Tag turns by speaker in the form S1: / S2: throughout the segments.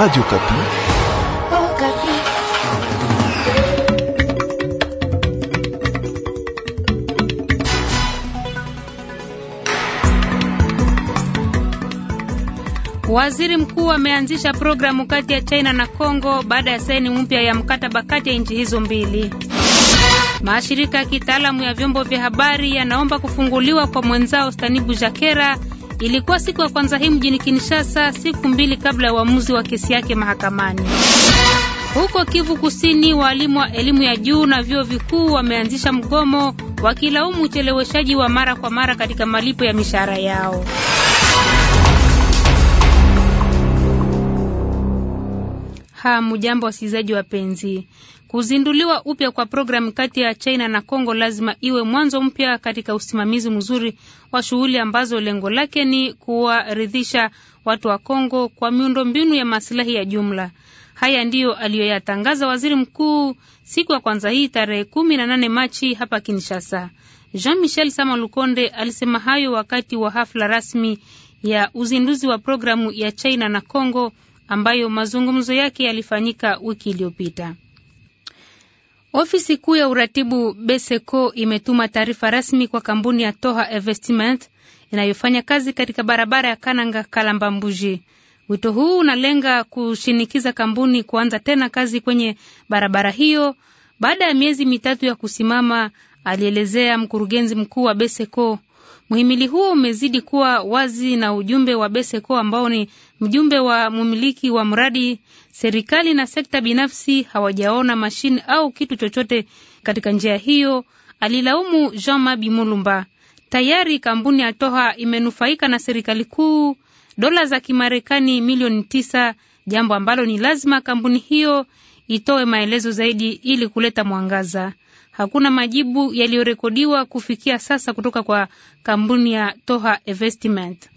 S1: Radio Okapi.
S2: Oh,
S3: Waziri mkuu ameanzisha programu kati ya China na Kongo baada ya saini mpya ya mkataba kati ya nchi hizo mbili. Mashirika ya kitaalamu ya vyombo vya habari yanaomba kufunguliwa kwa mwenzao Stanibu Jakera Ilikuwa siku ya kwanza hii mjini Kinshasa, siku mbili kabla ya uamuzi wa kesi yake mahakamani. Huko Kivu Kusini, waalimu wa elimu ya juu na vyuo vikuu wameanzisha mgomo wakilaumu ucheleweshaji wa mara kwa mara katika malipo ya mishahara yao. Hamujambo wasikilizaji wapenzi. Kuzinduliwa upya kwa programu kati ya China na Kongo lazima iwe mwanzo mpya katika usimamizi mzuri wa shughuli ambazo lengo lake ni kuwaridhisha watu wa Kongo kwa miundombinu ya masilahi ya jumla. Haya ndiyo aliyoyatangaza waziri mkuu siku ya kwanza hii tarehe kumi na nane Machi hapa Kinshasa. Jean Michel Sama Lukonde alisema hayo wakati wa hafla rasmi ya uzinduzi wa programu ya China na Kongo ambayo mazungumzo yake yalifanyika wiki iliyopita. Ofisi kuu ya uratibu Beseco imetuma taarifa rasmi kwa kampuni ya Toha Investment inayofanya kazi katika barabara ya Kananga Kalamba Mbuji. Wito huu unalenga kushinikiza kampuni kuanza tena kazi kwenye barabara hiyo baada ya miezi mitatu ya kusimama, alielezea mkurugenzi mkuu wa Beseco. Muhimili huo umezidi kuwa wazi na ujumbe wa Beseco ambao ni Mjumbe wa mumiliki wa mradi, serikali na sekta binafsi hawajaona mashine au kitu chochote katika njia hiyo, alilaumu Jean Mabi Mulumba. Tayari kampuni ya Toha imenufaika na serikali kuu dola za Kimarekani milioni tisa, jambo ambalo ni lazima kampuni hiyo itoe maelezo zaidi ili kuleta mwangaza. Hakuna majibu yaliyorekodiwa kufikia sasa kutoka kwa kampuni ya Toha Investment.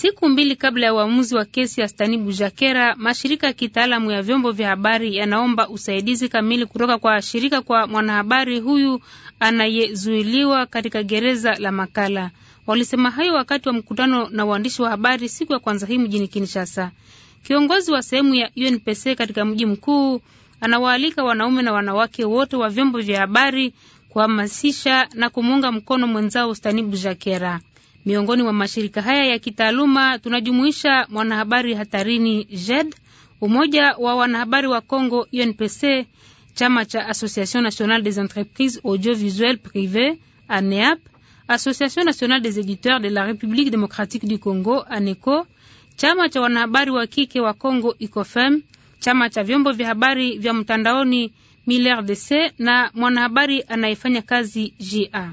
S3: Siku mbili kabla ya uamuzi wa kesi ya Stanibu Jakera, mashirika ya kitaalamu ya vyombo vya habari yanaomba usaidizi kamili kutoka kwa shirika kwa mwanahabari huyu anayezuiliwa katika gereza la Makala. Walisema hayo wakati wa mkutano na waandishi wa habari siku ya kwanza hii mjini Kinshasa. Kiongozi wa sehemu ya UNPC katika mji mkuu anawaalika wanaume na wanawake wote wa vyombo vya habari kuhamasisha na kumuunga mkono mwenzao Stani Bujakera. Miongoni mwa mashirika haya ya kitaaluma tunajumuisha Mwanahabari Hatarini JED, Umoja wa Wanahabari wa Congo UNPC, chama cha Association Nationale des Entreprises Audiovisuelles Privées ANEAP, Association Nationale des Éditeurs de la République Démocratique du Congo ANECO, chama cha wanahabari wa kike wa Congo ICOFEM, chama cha vyombo vya habari vya mtandaoni MILRDC na mwanahabari anayefanya kazi JA.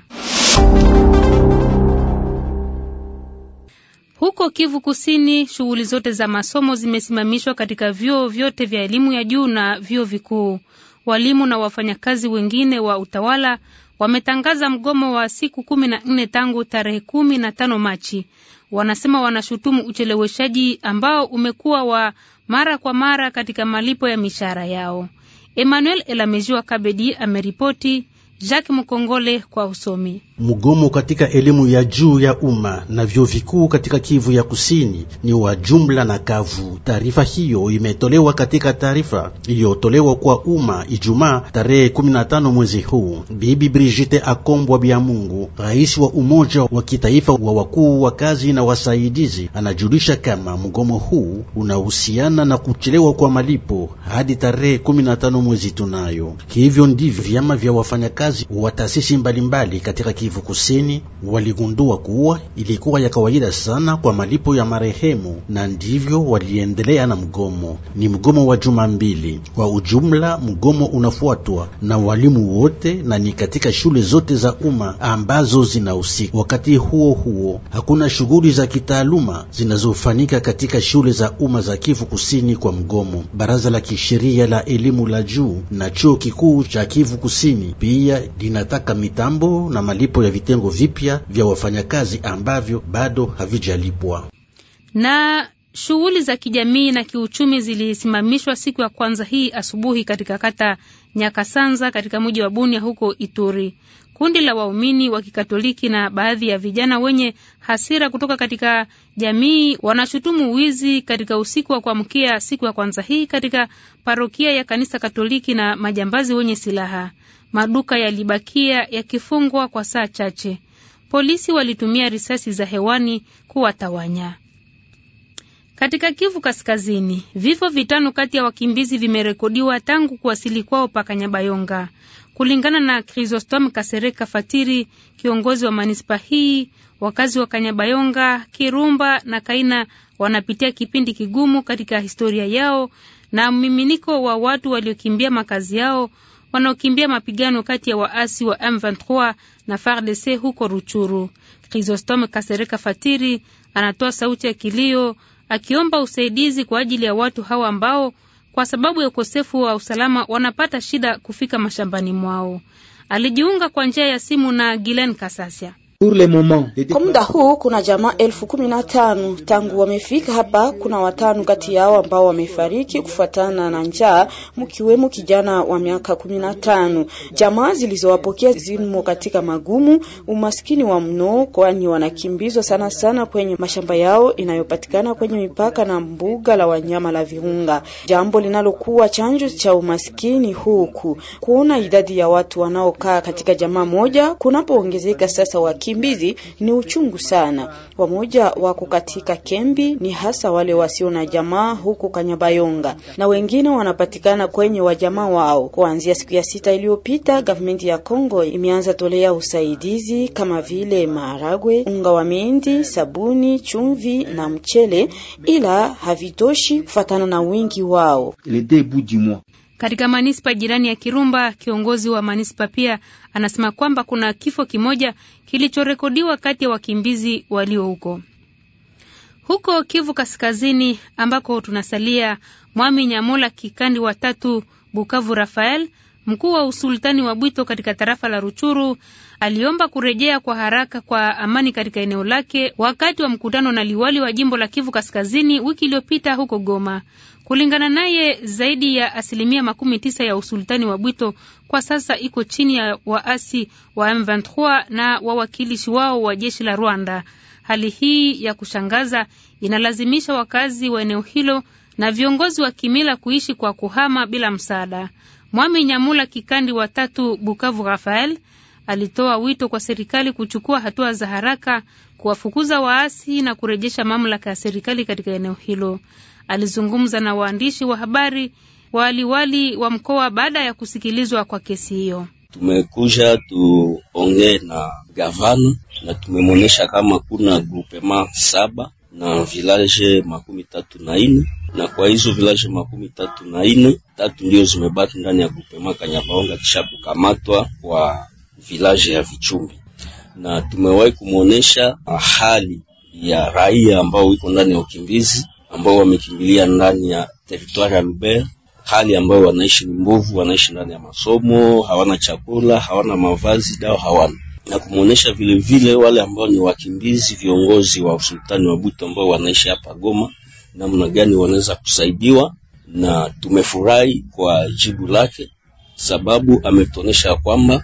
S3: Huko Kivu Kusini, shughuli zote za masomo zimesimamishwa katika vyuo vyote vya elimu ya juu na vyuo vikuu. Walimu na wafanyakazi wengine wa utawala wametangaza mgomo wa siku kumi na nne tangu tarehe kumi na tano Machi. Wanasema wanashutumu ucheleweshaji ambao umekuwa wa mara kwa mara katika malipo ya mishahara yao. Emmanuel Elamejiwa Kabedi ameripoti, Jacques Mkongole kwa usomi.
S4: Mgomo katika elimu ya juu ya umma na vyuo vikuu katika Kivu ya Kusini ni wa jumla na kavu. Taarifa hiyo imetolewa katika taarifa iliyotolewa kwa umma Ijumaa tarehe 15 mwezi huu. Bibi Brigitte Akombwa mungu rais wa Umoja wa Kitaifa wa wakuu wa kazi na wasaidizi, anajulisha kama mgomo huu unahusiana na kuchelewa kwa malipo hadi tarehe 15 mwezi tunayo. Hivyo ndivyo vyama vya wafanyakazi wa taasisi mbalimbali katika Kivu Kusini waligundua kuwa ilikuwa ya kawaida sana kwa malipo ya marehemu, na ndivyo waliendelea na mgomo. Ni mgomo wa juma mbili. Kwa ujumla, mgomo unafuatwa na walimu wote na ni katika shule zote za umma ambazo zinahusika. Wakati huo huo, hakuna shughuli za kitaaluma zinazofanyika katika shule za umma za Kivu Kusini kwa mgomo. Baraza la kisheria la elimu la juu na chuo kikuu cha Kivu Kusini pia linataka mitambo na malipo malipo ya vitengo vipya vya wafanyakazi ambavyo bado havijalipwa.
S3: Na shughuli za kijamii na kiuchumi zilisimamishwa siku ya kwanza hii asubuhi katika kata Nyakasanza katika mji wa Bunia huko Ituri. Kundi la waumini wa Kikatoliki na baadhi ya vijana wenye hasira kutoka katika jamii wanashutumu wizi katika usiku wa kuamkia siku ya kwanza hii katika parokia ya kanisa Katoliki na majambazi wenye silaha maduka yalibakia yakifungwa kwa saa chache. Polisi walitumia risasi za hewani kuwatawanya. Katika Kivu Kaskazini, vifo vitano kati ya wakimbizi vimerekodiwa tangu kuwasili kwao Pakanyabayonga, kulingana na Krisostom Kasereka Fatiri, kiongozi wa manispa hii. Wakazi wa Kanyabayonga, Kirumba na Kaina wanapitia kipindi kigumu katika historia yao na mmiminiko wa watu waliokimbia makazi yao wanaokimbia mapigano kati ya waasi wa M23 na FARDC huko Ruchuru. Krisostom Kasereka Fatiri anatoa sauti ya kilio akiomba usaidizi kwa ajili ya watu hawa ambao kwa sababu ya ukosefu wa usalama wanapata shida kufika mashambani mwao. Alijiunga kwa njia ya simu na Gilen Kasasia. Kwa muda
S2: huu kuna jamaa elfu kumi na tano tangu wamefika hapa. Kuna watano kati yao ambao wamefariki kufuatana na njaa, mkiwemo kijana wa miaka kumi na tano. Jamaa zilizowapokea zimo katika magumu, umaskini wa mno, kwani wanakimbizwa sana sana kwenye mashamba yao inayopatikana kwenye mipaka na mbuga la wanyama la Virunga, jambo linalokuwa chanjo cha umaskini huku. Kuona idadi ya watu wanaokaa katika jamaa moja kunapoongezeka sasa waki wakimbizi ni uchungu sana. Wamoja wako katika kembi ni hasa wale wasio na jamaa huko Kanyabayonga, na wengine wanapatikana kwenye wajamaa wao. Kuanzia siku ya sita iliyopita, gavumenti ya Kongo imeanza tolea usaidizi kama vile maharagwe, unga wa mindi, sabuni, chumvi na mchele, ila havitoshi kufatana na wingi wao.
S3: Katika manispa jirani ya Kirumba, kiongozi wa manispa pia anasema kwamba kuna kifo kimoja kilichorekodiwa kati ya wakimbizi walio huko. Huko Kivu Kaskazini ambako tunasalia, Mwami Nyamola Kikandi watatu Bukavu Rafael Mkuu wa usultani wa Bwito katika tarafa la Ruchuru aliomba kurejea kwa haraka kwa amani katika eneo lake wakati wa mkutano na liwali wa jimbo la Kivu Kaskazini wiki iliyopita huko Goma. Kulingana naye, zaidi ya asilimia makumi tisa ya usultani wa Bwito kwa sasa iko chini ya waasi wa M23 na wawakilishi wao wa jeshi la Rwanda. Hali hii ya kushangaza inalazimisha wakazi wa eneo hilo na viongozi wa kimila kuishi kwa kuhama bila msaada. Mwami Nyamula Kikandi wa tatu Bukavu Rafael alitoa wito kwa serikali kuchukua hatua za haraka kuwafukuza waasi na kurejesha mamlaka ya serikali katika eneo hilo. Alizungumza na waandishi wa habari waliwali wa mkoa baada ya kusikilizwa kwa kesi hiyo.
S5: Tumekuja tuongee na gavana na tumemwonyesha kama kuna grupema saba na vilaje makumi tatu na ine na kwa hizo vilaje makumi tatu na ine tatu ndio zimebaki ndani ya grupema Kanyabaonga kisha kukamatwa kwa vilaje ya Vichumbi, na tumewahi kumwonyesha hali ya raia ambao iko ndani ya ukimbizi ambao wamekimbilia ndani ya teritwari ya hali ambayo wanaishi ni mbovu, wanaishi ndani ya masomo, hawana chakula, hawana mavazi, dawa hawana na vile vile wale ambao ni wakimbizi, viongozi wa usultani wa Buto ambao wanaishi hapa Goma, namna gani wanaweza kusaidiwa, na tumefurahi kwa jibu lake, sababu ametuonyesha kwamba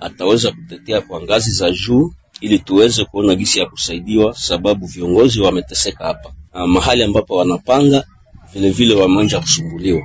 S5: ataweza kutetea kwa ngazi za juu ili tuweze kuona gisi ya kusaidiwa, sababu viongozi wameteseka hapa mahali ambapo wanapanga vilevile, wameanza kusumbuliwa.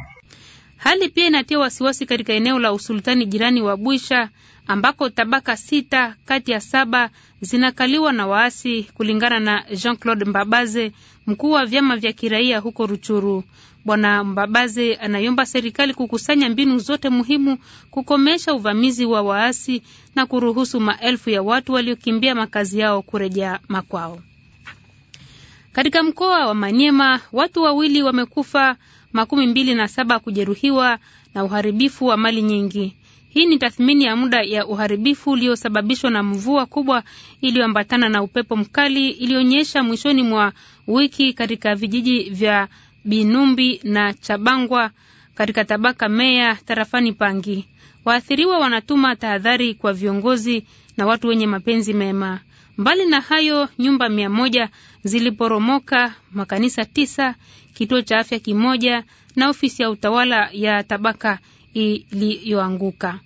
S3: Hali pia inatia wasiwasi katika eneo la usultani jirani wa Bwisha ambako tabaka sita kati ya saba zinakaliwa na waasi kulingana na Jean-Claude Mbabaze, mkuu wa vyama vya kiraia huko Ruchuru. Bwana Mbabaze anaiomba serikali kukusanya mbinu zote muhimu kukomesha uvamizi wa waasi na kuruhusu maelfu ya watu waliokimbia makazi yao kurejea makwao. Katika mkoa wa Manyema, watu wawili wamekufa makumi mbili na saba kujeruhiwa na uharibifu wa mali nyingi. Hii ni tathmini ya muda ya uharibifu uliosababishwa na mvua kubwa iliyoambatana na upepo mkali iliyonyesha mwishoni mwa wiki katika vijiji vya Binumbi na Chabangwa katika tabaka Meya tarafani Pangi. Waathiriwa wanatuma tahadhari kwa viongozi na watu wenye mapenzi mema. Mbali na hayo, nyumba mia moja ziliporomoka, makanisa tisa, kituo cha afya kimoja na ofisi ya utawala ya tabaka iliyoanguka.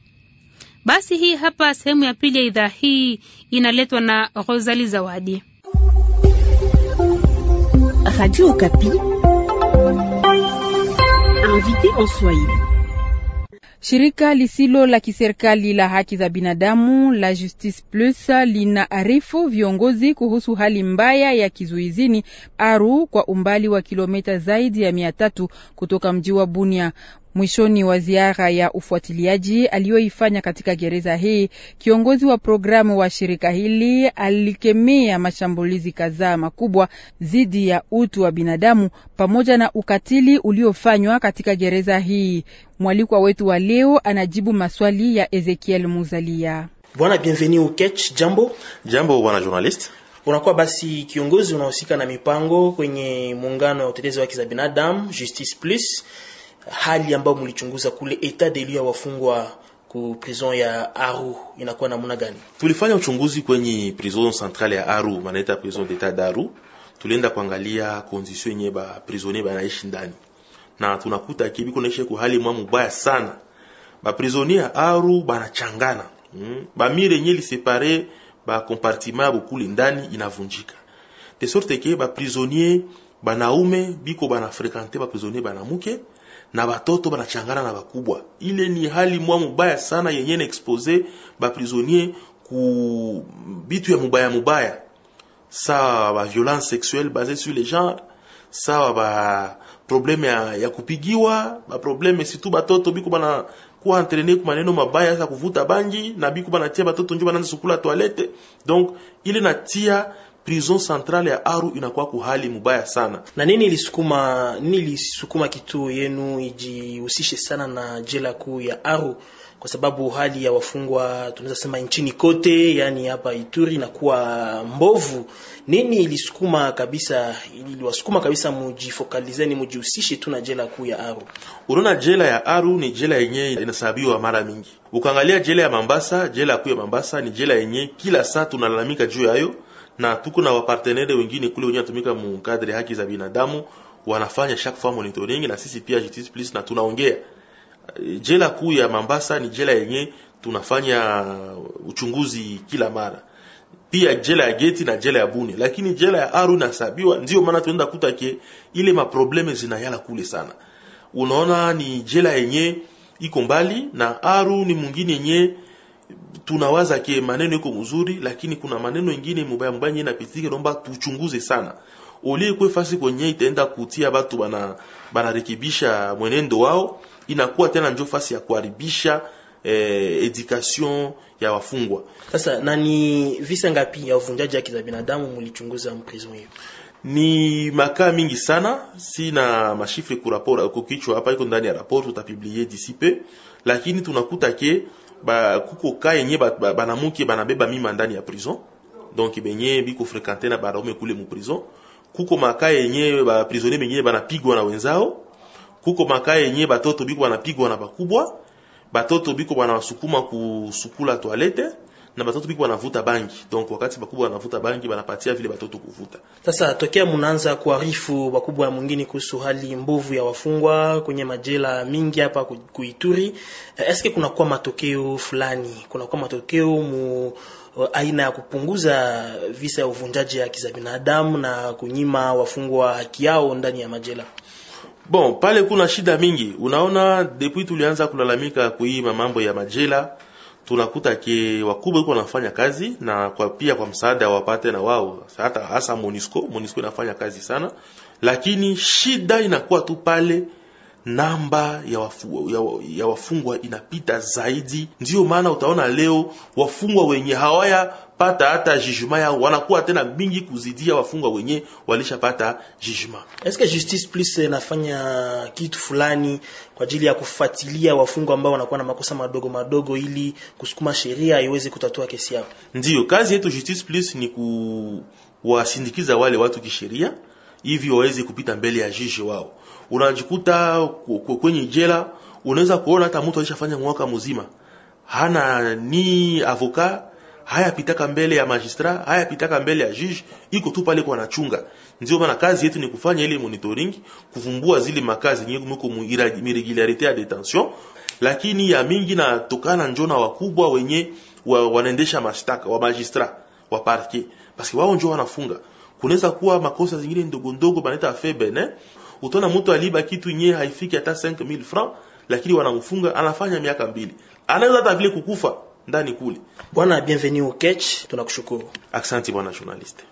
S3: Basi hii hapa sehemu ya pili ya idhaa hii inaletwa na Rosali Zawadi, Radio Okapi,
S6: invité en Swahili. Shirika lisilo la kiserikali la haki za binadamu la Justice Plus linaarifu viongozi kuhusu hali mbaya ya kizuizini Aru kwa umbali wa kilomita zaidi ya mia tatu kutoka mji wa Bunia. Mwishoni wa ziara ya ufuatiliaji aliyoifanya katika gereza hii, kiongozi wa programu wa shirika hili alikemea mashambulizi kadhaa makubwa dhidi ya utu wa binadamu pamoja na ukatili uliofanywa katika gereza hii. Mwalikwa wetu wa leo anajibu maswali ya Ezekiel Muzalia.
S7: Bwana Bienveni Ukech, jambo. Jambo bwana journalist. Unakuwa basi kiongozi unahusika na mipango kwenye muungano wa utetezi wa haki za binadamu Justice Plus hali ambayo mlichunguza kule etat de lieu ya wafungwa ku prison ya Aru inakuwa namna gani?
S1: Tulifanya uchunguzi kwenye prison centrale ya Aru, manaita prison d'etat d'Aru. Tulienda kuangalia condition yenye ba prisonnier banaishi ndani, na tunakuta kibiko naishi kwa hali mwa mubaya sana. Ba prisonnier ya Aru banachangana mm. ba mire yenye li separe ba compartiment bokule ndani inavunjika de sorte que ba prisonnier banaume biko banafrekante ba prisonnier banamuke na batoto banachangana na bakubwa. Ile ni hali mwa mubaya sana yenye na expose baprisonnier ku bitu ya mubaya mubaya, sawa ba violence sexuelle basée sur le genre, sawa ba probleme ya, ya kupigiwa ba probleme situ batoto biko bana kuwa entraîner ku maneno mabaya ya kuvuta bangi na biko banatia batoto njo banaanza sukula toilette, donc ile natia prison centrale ya Aru inakuwa kuhali mubaya sana.
S7: Na nini ilisukuma nini ilisukuma kituo yenu ijihusishe sana na jela kuu ya Aru? Kwa sababu hali ya wafungwa tunaweza sema nchini kote, yani hapa Ituri inakuwa mbovu. Nini ilisukuma kabisa, iliwasukuma kabisa mujifokalizeni, mujihusishe tu na jela kuu ya Aru?
S1: Unaona, jela ya Aru ni jela yenyewe inasabiwa mara mingi. Ukaangalia jela ya Mambasa, jela kuu ya Mambasa ni jela yenyewe kila saa tunalalamika juu yayo na tuko na wapartenere wengine kule wenye natumika mukadri haki za binadamu wanafanya chaque fois monitoring na sisi pia Justice Plus na tunaongea. Jela kuu ya Mambasa ni jela yenye tunafanya uchunguzi kila mara, pia jela ya Geti na jela ya Buni, lakini jela ya Aru na Sabiwa ndio maana tunaenda kuta ke ile maprobleme zinayala kule sana. Unaona, ni jela yenye iko mbali na Aru, ni mwingine yenye tunawaza ke maneno iko mzuri, lakini kuna maneno ingine mubaya mubaya yenye inapitika, naomba tuchunguze sana olie kwe fasi kwenye itaenda kutia batu bana banarekebisha mwenendo
S7: wao, inakuwa tena njo fasi ya kuharibisha eh, education ya wafungwa. Sasa na ni visa ngapi ya uvunjaji haki za binadamu mulichunguza mprison hiyo?
S1: Ni makaa mingi sana, sina mashifre kurapora kukichwa hapa, iko ndani ya raport tutapiblie disipe, lakini tunakuta ke ba kuko ka yenye banamuke ba, banabeba mima ndani ya prison donc benye biko frekante na banaume kule mu prison kuko maka yenye ba prisonnier bengine banapigwa na wenzao kuko maka yenye batoto biko banapigwa na bakubwa batoto biko banawasukuma kusukula toilette na batoto biko wanavuta bangi, donc wakati bakubwa wanavuta bangi banapatia vile batoto kuvuta.
S7: Sasa tokea mnaanza kuarifu bakubwa mwingine kuhusu hali mbovu ya wafungwa kwenye majela mingi hapa Kuituri, eh, eske kuna kuwa matokeo fulani, kuna kuwa matokeo mu eh, aina ya kupunguza visa ya uvunjaji haki za binadamu na kunyima wafungwa haki yao ndani ya majela?
S1: Bon, pale kuna shida mingi. Unaona, depuis tulianza kulalamika kuima mambo ya majela tunakuta ke wakubwa iko wanafanya kazi na kwa pia kwa msaada wapate na wao hata hasa Monisco. Monisco inafanya kazi sana, lakini shida inakuwa tu pale namba ya, wafu, ya, ya wafungwa inapita zaidi. Ndiyo maana utaona leo wafungwa wenye hawaya pata hata jijuma yao, wanakuwa tena mingi kuzidia wafungwa wenye walishapata jugement.
S7: Eske Justice Plus nafanya kitu fulani kwa ajili ya kufuatilia wafungwa ambao wanakuwa na makosa madogo madogo, ili kusukuma sheria iweze kutatua kesi yao?
S1: Ndio kazi yetu Justice Plus ni kuwasindikiza wale watu kisheria hivi waweze kupita mbele ya jiji wao. Unajikuta kwenye jela, unaweza kuona hata mtu alishafanya mwaka mzima hana ni avoka hayapitaka mbele ya magistrat, hayapitaka mbele ya juge, iko tu pale kwa nachunga. Ndio maana kazi yetu ni kufanya ile monitoring, kuvumbua zile makazi nyingi mko irregularity ya detention, lakini ya mingi na tokana njona wakubwa wenye wa, wanaendesha mashtaka wa magistrat wa parquet, parce wao njoo wanafunga. Kunaweza kuwa makosa zingine ndogo ndogo banaita affaire bene, Utaona mtu aliba kitu yenyewe haifiki hata 5000 francs, lakini wanamfunga anafanya miaka mbili, anaweza hata vile kukufa ndani kule.
S7: bienvenue au Catch, tunakushukuru.
S1: Asante bwana journaliste.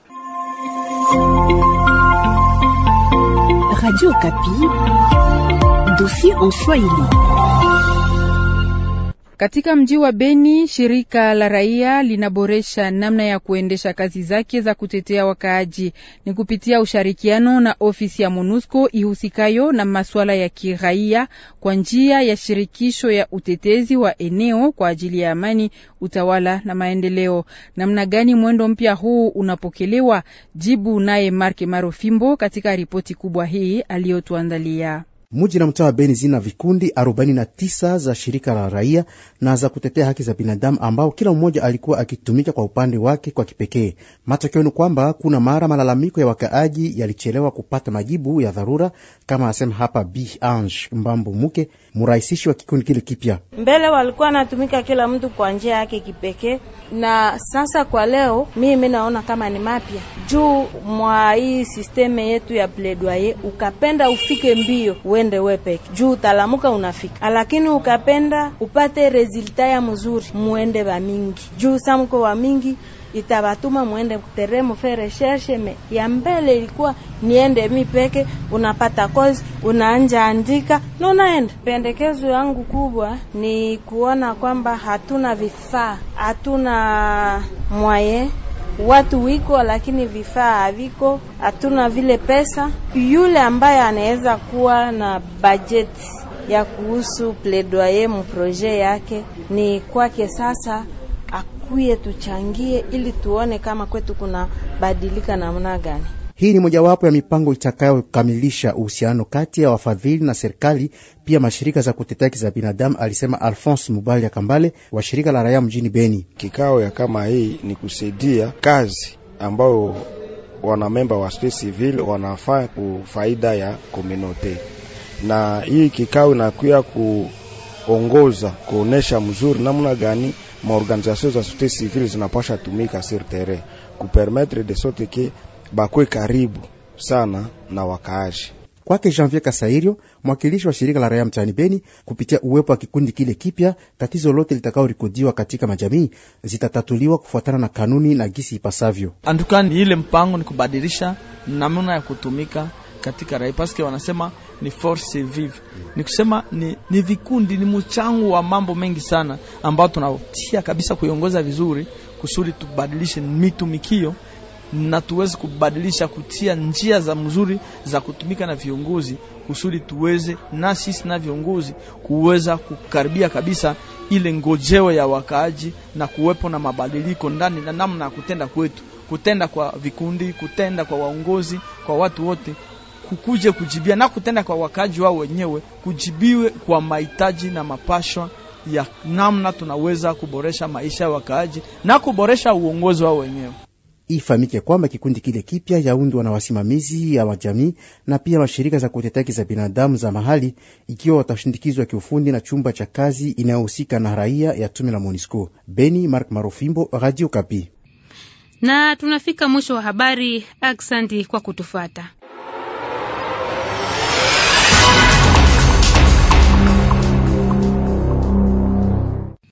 S6: Radio Kapi, dossier en Swahili. Katika mji wa Beni, shirika la raia linaboresha namna ya kuendesha kazi zake za kutetea wakaaji ni kupitia ushirikiano na ofisi ya MONUSCO ihusikayo na masuala ya kiraia kwa njia ya shirikisho ya utetezi wa eneo kwa ajili ya amani, utawala na maendeleo. Namna gani mwendo mpya huu unapokelewa? Jibu naye Mark Marofimbo katika ripoti kubwa hii aliyotuandalia.
S8: Muji na mtaa wa Beni zina vikundi 49 za shirika la raia na za kutetea haki za binadamu ambao kila mmoja alikuwa akitumika kwa upande wake kwa kipekee. Matokeo ni kwamba kuna mara malalamiko ya wakaaji yalichelewa kupata majibu ya dharura, kama asema hapa B Ange Mbambo Muke, mrahisishi wa kikundi kile kipya.
S2: Mbele walikuwa anatumika kila mtu kwa njia yake kipekee, na sasa kwa leo mimi naona kama ni mapya juu mwa hii sisteme yetu ya pledoyer, ukapenda ufike mbio We uende we peke juu utalamuka unafika, lakini ukapenda upate resulta ya mzuri, muende ba mingi juu samko wa mingi itabatuma muende kutere mufe recherche. Me ya mbele ilikuwa niende mi peke, unapata kozi, unaanja andika na unaenda. Pendekezo yangu kubwa ni kuona kwamba hatuna vifaa, hatuna mwaye watu wiko, lakini vifaa haviko, hatuna vile pesa. Yule ambaye anaweza kuwa na bajeti ya kuhusu pledoye mproje yake ni kwake sasa akuye tuchangie, ili tuone kama kwetu kuna badilika namna gani.
S8: Hii ni mojawapo ya mipango itakayokamilisha uhusiano kati ya wafadhili na serikali pia mashirika za kutetea haki za binadamu, alisema Alphonse Mubali ya Kambale wa shirika la raia mjini Beni. Kikao
S7: ya kama hii ni kusaidia kazi ambayo wanamemba wa societe civile wanafaa kufaida ya komunote, na hii kikao inakuya kuongoza kuonesha mzuri namna gani maorganizasio za societe
S8: civile zinapasha tumika sur terrain kupermetre de sorte que bakwe karibu sana na wakaaji kwake Janvier Kasairio, mwakilishi wa shirika la raia mtaani Beni, kupitia uwepo wa kikundi kile kipya, tatizo lote litakaorikodiwa katika majamii zitatatuliwa kufuatana na kanuni na gisi ipasavyo.
S7: Andukani ile mpango ni kubadilisha namna ya kutumika katika raia paske wanasema ni force vive, ni kusema ni, ni vikundi, ni mchango wa mambo mengi sana ambao tunatia kabisa kuiongoza vizuri kusudi tubadilishe mitumikio na tuweze kubadilisha kutia njia za mzuri za kutumika na viongozi kusudi tuweze na sisi na viongozi kuweza kukaribia kabisa ile ngojeo ya wakaaji na kuwepo na mabadiliko ndani na namna ya kutenda kwetu, kutenda kwa vikundi, kutenda kwa waongozi, kwa watu wote kukuje kujibia na kutenda kwa wakaaji wao wenyewe, kujibiwe kwa mahitaji na mapashwa ya namna tunaweza kuboresha maisha ya wakaaji na kuboresha uongozi wao wenyewe.
S8: Ifahamike kwamba kikundi kile kipya yaundwa na wasimamizi ya wajamii na pia mashirika za kutetaki za binadamu za mahali, ikiwa watashindikizwa kiufundi na chumba cha kazi inayohusika na raia ya tume la MONUSCO. Beni, Mark Marofimbo, Radio Kapi.
S3: Na tunafika mwisho wa habari. Aksanti kwa kutufata.